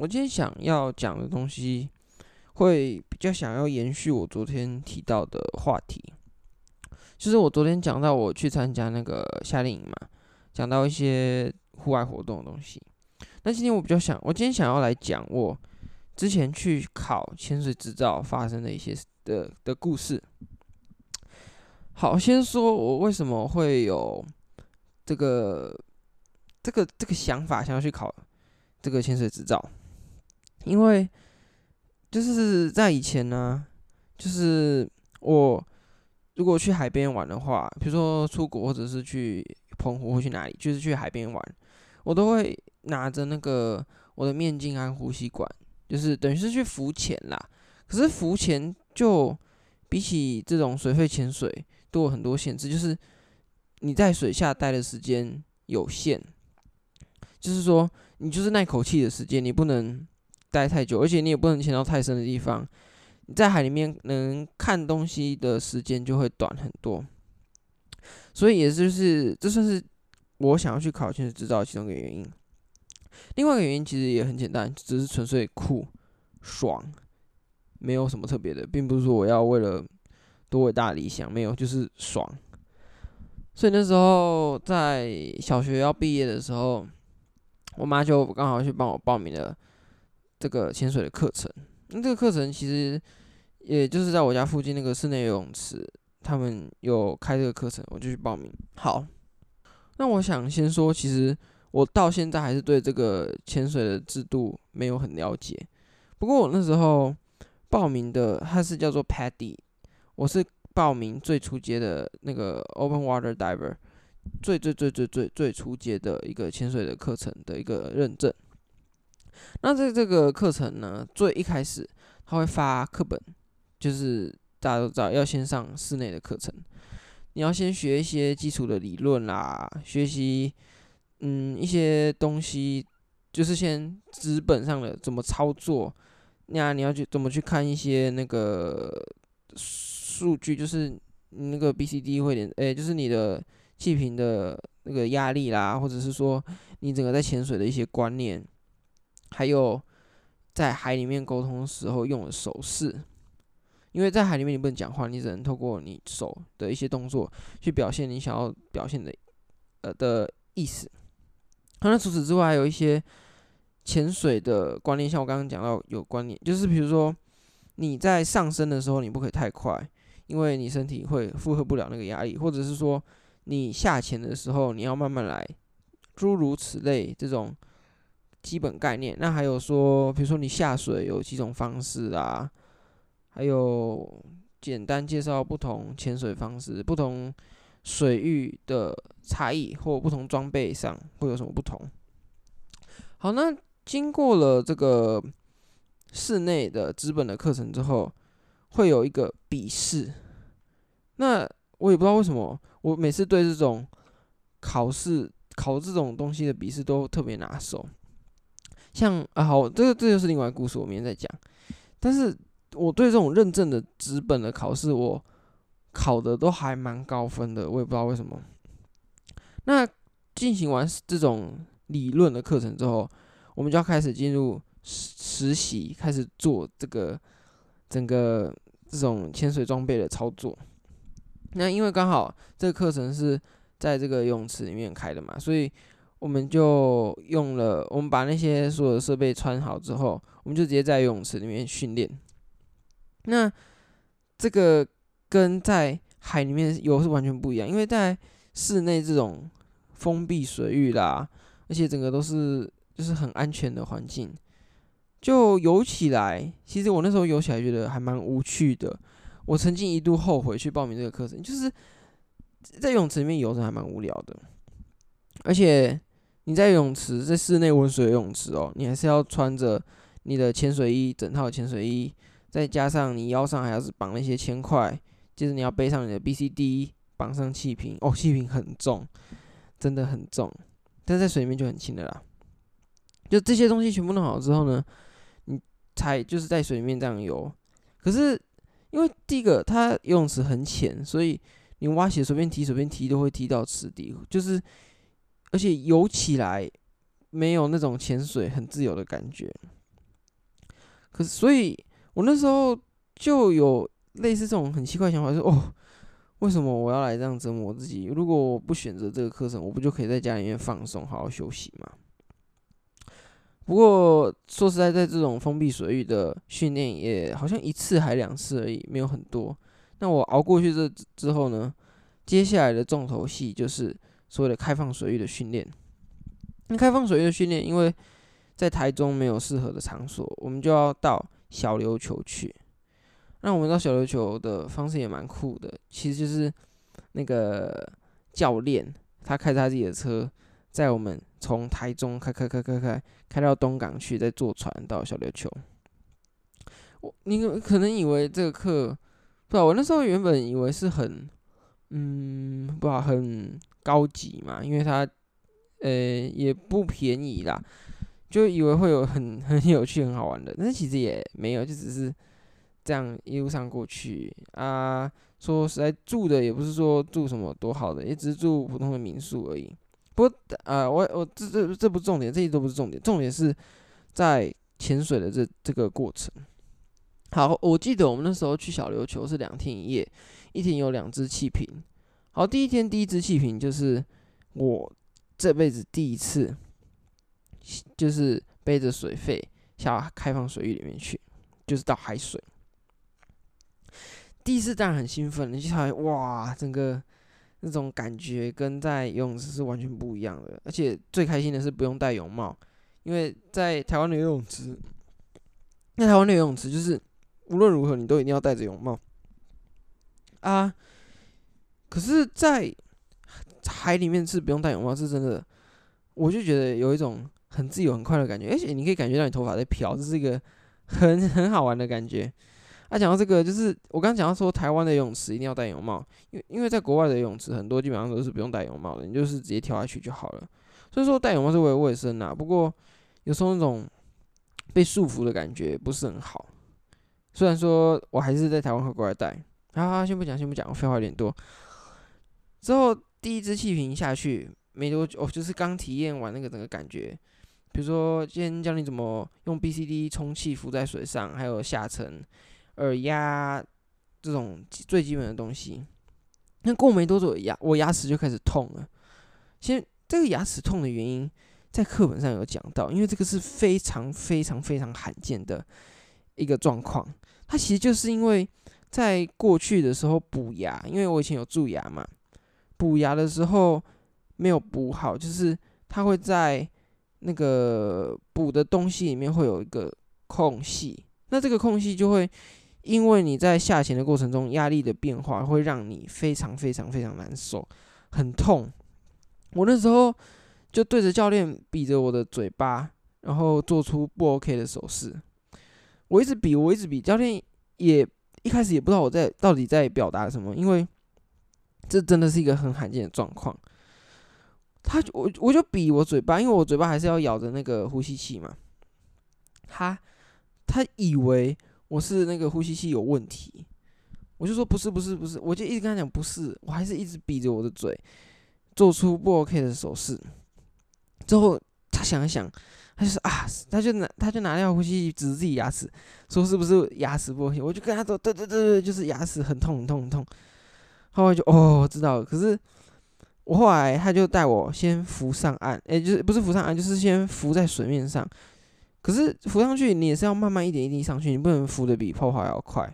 我今天想要講的東西，會比較想要延續我昨天提到的話題，就是我昨天講到我去參加那個夏令營嘛，講到一些戶外活動的東西。那今天我比較想，我今天想要來講我之前去考潛水執照發生的一些的的故事。好，先說我為什麼會有這個這個這個想法，想要去考這個潛水執照。因為就是在以前呢、啊，就是我如果去海邊玩的話，比如說出國或者是去澎湖或去哪裡，就是去海邊玩，我都會拿着那個我的面鏡啊呼吸管，就是等於是去浮潛啦。可是浮潛就比起這種水肺潛水都有很多限制，就是你在水下待的時間有限，就是說你就是那口氣的時間，你不能。待太久，而且你也不能潛到太深的地方。你在海裡面能看東西的時間就會短很多，所以也就是這算是我想要去考潛水執照其中一個原因。另外一個原因其實也很簡單，只是純粹酷爽，沒有什麼特別的，並不是說我要為了多偉大的理想，沒有，就是爽。所以那時候在小學要畢業的時候，我媽就剛好去幫我報名了。這個潛水的課程，那這個課程其實也就是在我家附近那個室內游泳池，他們有開這個課程，我就去報名。好，那我想先說，其實我到現在還是對這個潛水的制度沒有很了解。不過我那時候報名的，它是叫做 PADI，我是報名最初階的那個 Open Water Diver，最最最最最最初階的一個潛水的課程的一個認證。那在這個課程呢，最一開始他會發課本，就是大家都知道要先上室內的課程，你要先學一些基礎的理論啦，學習嗯一些東西，就是先紙本上的怎麼操作，那你，啊、你要去怎麼去看一些那個數據，就是那個 B C D 會點，誒、欸，就是你的氣瓶的那個壓力啦，或者是說你整個在潛水的一些觀念。還有，在海裡面溝通時候用的手勢，因為在海裡面你不能講話，你只能透過你手的一些動作去表現你想要表現的，呃的意思。那除此之外，還有一些潛水的觀念，像我剛剛講到有觀念，就是比如說你在上升的時候你不可以太快，因為你身體會負荷不了那個壓力，或者是說你下潛的時候你要慢慢來，諸如此類這種。基本概念，那還有說，比如說你下水有幾種方式啊？還有簡單介紹不同潛水方式、不同水域的差異，或不同裝備上會有什麼不同？好，那經過了這個室內的基本的課程之後，會有一個筆試。那我也不知道為什麼，我每次對這種考試考這種東西的筆試都特別拿手。像啊，好，這個這就是另外一個故事，我明天再講。但是我對這種認證的紙本的考試，我考的都還蠻高分的，我也不知道為什麼。那進行完這種理論的課程之後，我們就要開始進入實習，開始做這個整個這種潛水裝備的操作。那因為剛好這個課程是在這個泳池裡面開的嘛，所以。我們就用了，我們把那些所有的設備穿好之後，我們就直接在游泳池裡面訓練。那這個跟在海裡面游是完全不一樣，因為在室內這種封閉水域啦，而且整個都是就是很安全的環境，就游起來。其實我那時候游起來覺得還蠻無趣的，我曾經一度後悔去報名這個課程，就是在游泳池裡面游是還蠻無聊的，而且。你在泳池，在室內溫水泳池哦，你還是要穿着你的潛水衣，整套潛水衣，再加上你腰上還要是綁那些鉛塊，接着你要背上你的 B、C、D，綁上氣瓶哦，氣瓶很重，真的很重，但在水裡面就很輕的啦。就這些東西全部弄好之後呢，你才就是在水裡面這樣游。可是因為第一個，它游泳池很淺，所以你蛙鞋隨便踢，隨便踢都會踢到池底，就是。而且游起來沒有那種潛水很自由的感覺，可是所以我那時候就有類似這種很奇怪的想法，說哦，為什麼我要來這樣折磨自己？如果我不選擇這個課程，我不就可以在家裡面放鬆、好好休息嗎？不過說實在，在這種封閉水域的訓練，也好像一次還兩次而已，沒有很多。那我熬過去這之後呢？接下來的重頭戲就是。所謂的開放水域的訓練，那開放水域的訓練，因為在台中沒有適合的場所，我們就要到小琉球去。那我們到小琉球的方式也蠻酷的，其實就是那個教練他開着他自己的車，載我們從台中開開開開開開到東港去，再坐船到小琉球。我你可能以為這個課，不，我那時候原本以為是很。嗯，不好，很高級嘛，因為它，呃、欸，也不便宜啦，就以為會有很很有趣、很好玩的，但是其實也沒有，就只是這樣一路上過去啊。說實在，住的也不是說住什麼多好的，也只是住普通的民宿而已。不啊、呃，我我這這這不重點，這些都不是重點，重點是在潛水的這這個過程。好，我記得我們那時候去小琉球是兩天一夜，一天有兩隻氣瓶。好，第一天第一隻氣瓶就是我這輩子第一次，就是背着水肺下開放水域裡面去，就是到海水。第一次當然很興奮，你就突然哇，整個那種感覺跟在游泳池是完全不一樣的。而且最開心的是不用戴泳帽，因為在台灣的游泳池，那台灣的游泳池就是。無論如何，你都一定要戴着泳帽啊！可是，在海裡面是不用戴泳帽，是真的。我就覺得有一種很自由、很快樂的感覺，而且你可以感覺到你頭髮在飄，這是一個很很好玩的感覺。啊，講到這個，就是我剛剛講到說，台灣的泳池一定要戴泳帽，因為因為在國外的泳池很多基本上都是不用戴泳帽的，你就是直接跳下去就好了。所以說戴泳帽是為了衛生啦，不過有時候那種被束縛的感覺不是很好。雖然說我還是在台灣和國外帶，好好，先不講，先不講，廢話有點多。之後第一支氣瓶下去沒多久，哦，我就是剛體驗完那個整個感覺，比如說今天教你怎麼用 BCD 充氣浮在水上，還有下沉、耳壓這種最基本的東西。那過沒多久，牙我牙齒就開始痛了。先這個牙齒痛的原因，在課本上有講到，因為這個是非常非常非常罕見的。一個狀況，它其實就是因為，在過去的時候補牙，因為我以前有蛀牙嘛，補牙的時候沒有補好，就是它會在那個補的東西裡面會有一個空隙，那這個空隙就會因為你在下潛的過程中壓力的變化，會讓你非常非常非常難受，很痛。我那時候就對着教練，比着我的嘴巴，然後做出不 OK 的手勢。我一直比，我一直比，教練也一開始也不知道我在到底在表達什麼，因為這真的是一個很罕見的狀況。他，我，我就比我嘴巴，因為我嘴巴還是要咬着那個呼吸器嘛。他，他以為我是那個呼吸器有問題，我就說不是，不是，不是，我就一直跟他講不是，我還是一直比着我的嘴，做出不 OK 的手勢。之後他想一想。他就說啊，他就拿他就拿掉呼吸，指着自己牙齒，說是不是牙齒不行？我就跟他說，對對對對，就是牙齒很痛很痛很痛。後來就哦，我知道了。可是我後來他就帶我先浮上岸，誒、欸，就是不是浮上岸，就是先浮在水面上。可是浮上去你也是要慢慢一點一滴上去，你不能浮的比泡泡要快，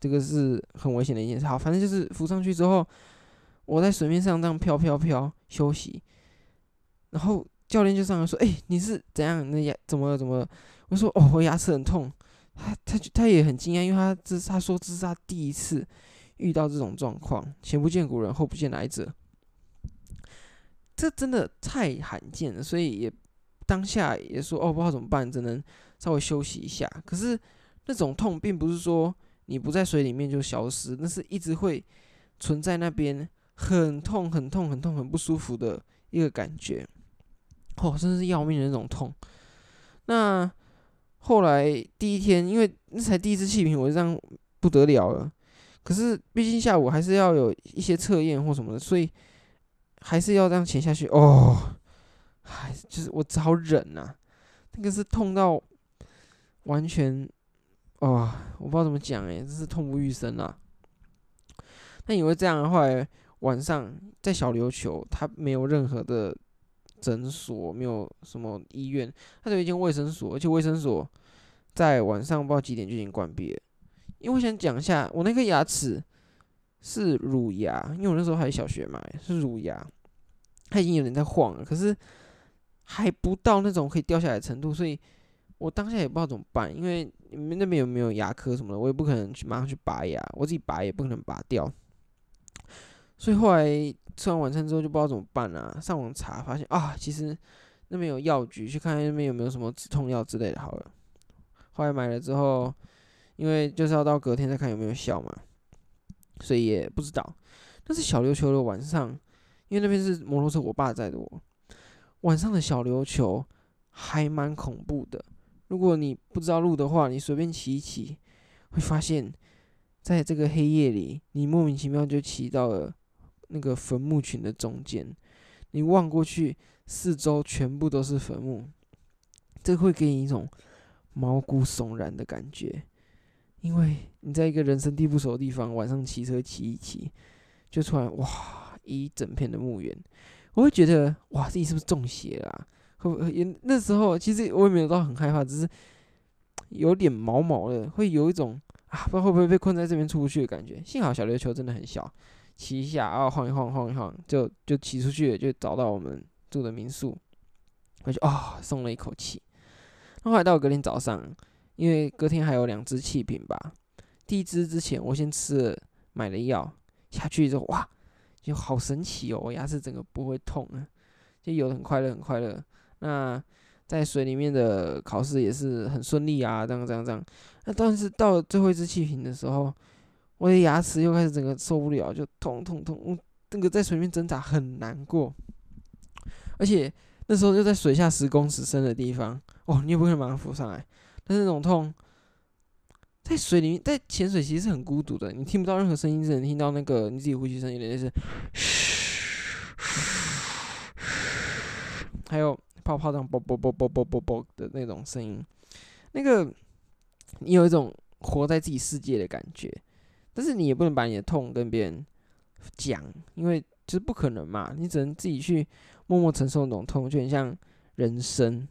這個是很危險的一件事。好，反正就是浮上去之後，我在水面上這樣飄飄飄休息，然後。教練就上來說：“哎，你是怎樣？那牙怎麼了怎麼了？”我說：“哦，我牙齒很痛。”他他他也很驚訝，因為他這是他說這是他第一次遇到這種狀況，前不見古人，後不見來者，這真的太罕見了。所以也當下也說：“哦，不知道怎麼辦，只能稍微休息一下。”可是那種痛並不是說你不在水裡面就消失，那是一直會存在那邊，很痛、很痛、很痛、很不舒服的一個感覺。哦，真的是要命的那種痛。那後來第一天，因為那才第一次氣瓶，我就這樣不得了了。可是畢竟下午還是要有一些測驗或什麼的，所以還是要這樣潛下去。哦，還就是我只好忍吶、啊。那個是痛到完全啊、哦，我不知道怎麼講哎、欸，真是痛不欲生啊。那以為這樣，的話，晚上在小琉球，他沒有任何的。診所沒有什麼醫院，它就有一間衛生所，而且衛生所在晚上不知道幾點就已經關閉了。因為我想講一下，我那顆牙齒是乳牙，因為我那時候還是小學嘛，是乳牙，它已經有點在晃了，可是還不到那種可以掉下來的程度，所以我當下也不知道怎麼辦，因為你們那邊有沒有牙科什麼的，我也不可能去馬上去拔牙，我自己拔也不可能拔掉，所以後來。吃完晚餐之後就不知道怎麼辦啦，啊，上網查發現啊，其實那邊有藥局，去看看那邊有沒有什麼止痛藥之類的。好了，後來買了之後，因為就是要到隔天再看有沒有效嘛，所以也不知道。但是小琉球的晚上，因為那邊是摩托車，我爸載的我，晚上的小琉球還蠻恐怖的。如果你不知道路的話，你隨便騎一騎，會發現，在這個黑夜裡，你莫名其妙就騎到了。那個墳墓群的中間，你望過去，四周全部都是墳墓，這會給你一種毛骨悚然的感覺，因為你在一個人生地不熟的地方，晚上騎車騎一騎，就突然哇，一整片的墓園，我會覺得哇，自己是不是中邪了啊？會不會也那時候其實我也沒有到很害怕，只是有點毛毛的，會有一種啊，不知道會不會被困在這邊出不去的感覺。幸好小琉球真的很小。騎一下，啊，晃一晃，晃一晃，就就騎出去，就找到我們住的民宿，我就啊，鬆、哦、了一口氣。那後來到隔天早上，因為隔天還有兩隻氣瓶吧，第一隻之前我先吃了，買了藥，下去之後哇，就好神奇哦，我牙齒整個不會痛了，啊，就有很快樂，很快樂。那在水裡面的考試也是很順利啊，這樣這樣這樣。那但是到最後一支氣瓶的時候。我的牙齒又開始整個受不了，就痛痛痛，嗯，那個在水面掙扎很難過，而且那時候又在水下十公尺深的地方。哦，你也不會馬上浮上來，但是那種痛，在水裡面，在潛水其實是很孤獨的。你聽不到任何聲音，只能聽到那個你自己呼吸聲音的，就是噓噓”，還有泡泡狀“啵啵啵啵啵啵啵”的那種聲音。那個你有一種活在自己世界的感覺。但是你也不能把你的痛跟別人講，因為就是不可能嘛。你只能自己去默默承受那種痛，就很像人生。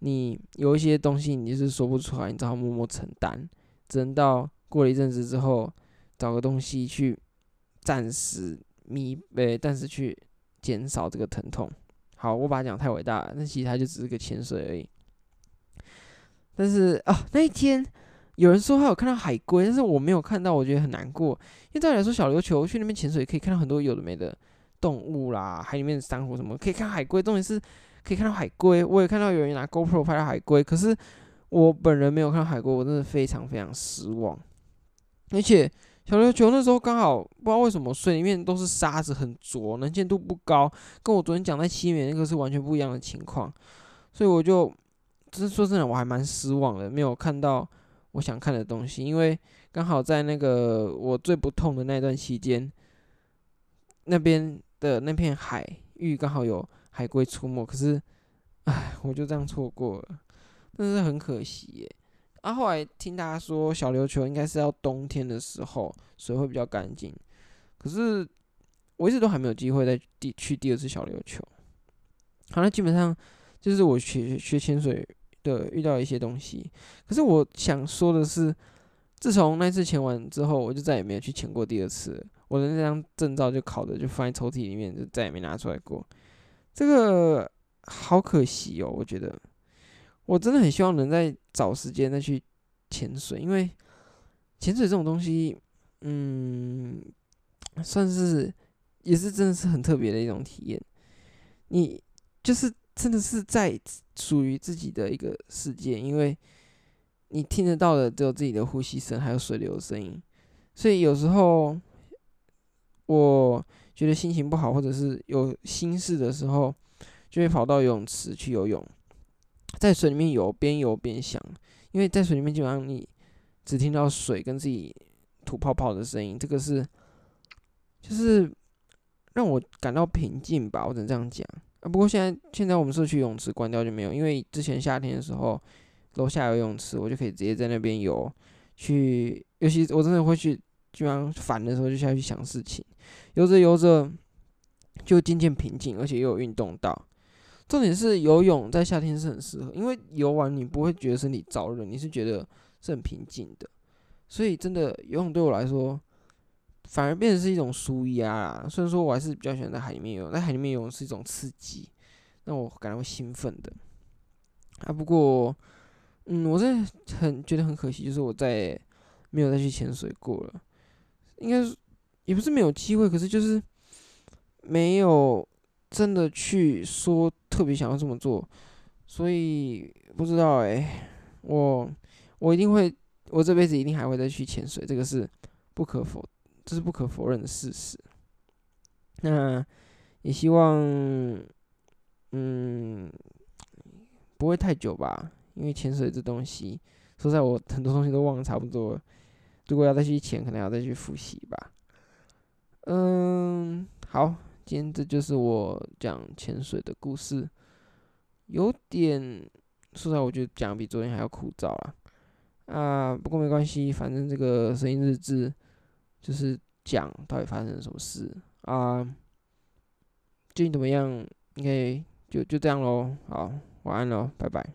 你有一些東西你就是說不出來，你只好默默承擔，只能到過了一陣子之後，找個東西去暫時彌補，但是去減少這個疼痛。好，我把它講太偉大了，那其實它就只是個潛水而已。但是啊、哦，那一天。有人說他有看到海龜，但是我沒有看到，我覺得很難過。因為照理來說，小琉球去那邊潛水，可以看到很多有的沒的動物啦，海裡面的珊瑚什麼，可以看海龜。重點是可以看到海龜，我也看到有人拿 GoPro 拍到海龜，可是我本人沒有看到海龜，我真的非常非常失望。而且小琉球那時候剛好不知道為什麼水裡面都是沙子，很濁，能見度不高，跟我昨天講在七美那個是完全不一樣的情況，所以我就，就是說真的，我還蠻失望的，沒有看到。我想看的東西，因為剛好在那個我最不痛的那段期間，那邊的那片海域剛好有海龜出沒，可是，哎，我就這樣錯過了，但是很可惜耶。啊，後來聽大家說，小琉球應該是要冬天的時候水會比較乾淨，可是我一直都還沒有機會再第去第二次小琉球。好了，那基本上就是我去去潛水。呃，遇到一些東西，可是我想說的是，自從那次潛完之後，我就再也沒有去潛過第二次。我的那張證照就考的就放在抽屜裡面，就再也沒拿出來過。這個好可惜哦，我覺得我真的很希望能再找時間再去潛水，因為潛水這種東西，嗯，算是也是真的是很特別的一種體驗。你就是。真的是在屬於自己的一個世界，因為你聽得到的只有自己的呼吸聲，還有水流的聲音。所以有時候我覺得心情不好，或者是有心事的時候，就會跑到游泳池去游泳，在水裡面游，邊游邊想，因為在水裡面基本上你只聽到水跟自己吐泡泡的聲音，這個是就是讓我感到平靜吧，我只能這樣講。不過現在，現在我們社區泳池關掉就沒有，因為之前夏天的時候，樓下游泳池，我就可以直接在那邊遊。去，尤其我真的會去，居然煩的時候就下去想事情，游着游着就漸漸平靜，而且又有運動到。重點是游泳在夏天是很適合，因為遊完你不會覺得身體燥熱，你是覺得是很平靜的。所以真的游泳對我來說。反而變成是一種舒壓啊，雖然說我還是比較喜歡在海裡面游，在海裡面游泳是一種刺激，讓我感到會興奮的。啊，不過，嗯，我這很覺得很可惜，就是我在沒有再去潛水過了。應該也不是沒有機會，可是就是沒有真的去說特別想要這麼做，所以不知道哎、欸。我我一定會，我這輩子一定還會再去潛水，這個是不可否的。這是不可否認的事實。那也希望，嗯，不會太久吧，因為潛水這東西，說實在，我很多東西都忘得差不多了。如果要再去潛，可能要再去複習吧。嗯，好，今天這就是我講潛水的故事，有點，說實在，我覺得講比昨天還要枯燥啦。啊，不過沒關係，反正這個聲音日誌。就是講到底發生了什麼事啊？最近怎麼樣？OK，就就這樣咯。好，晚安咯，拜拜。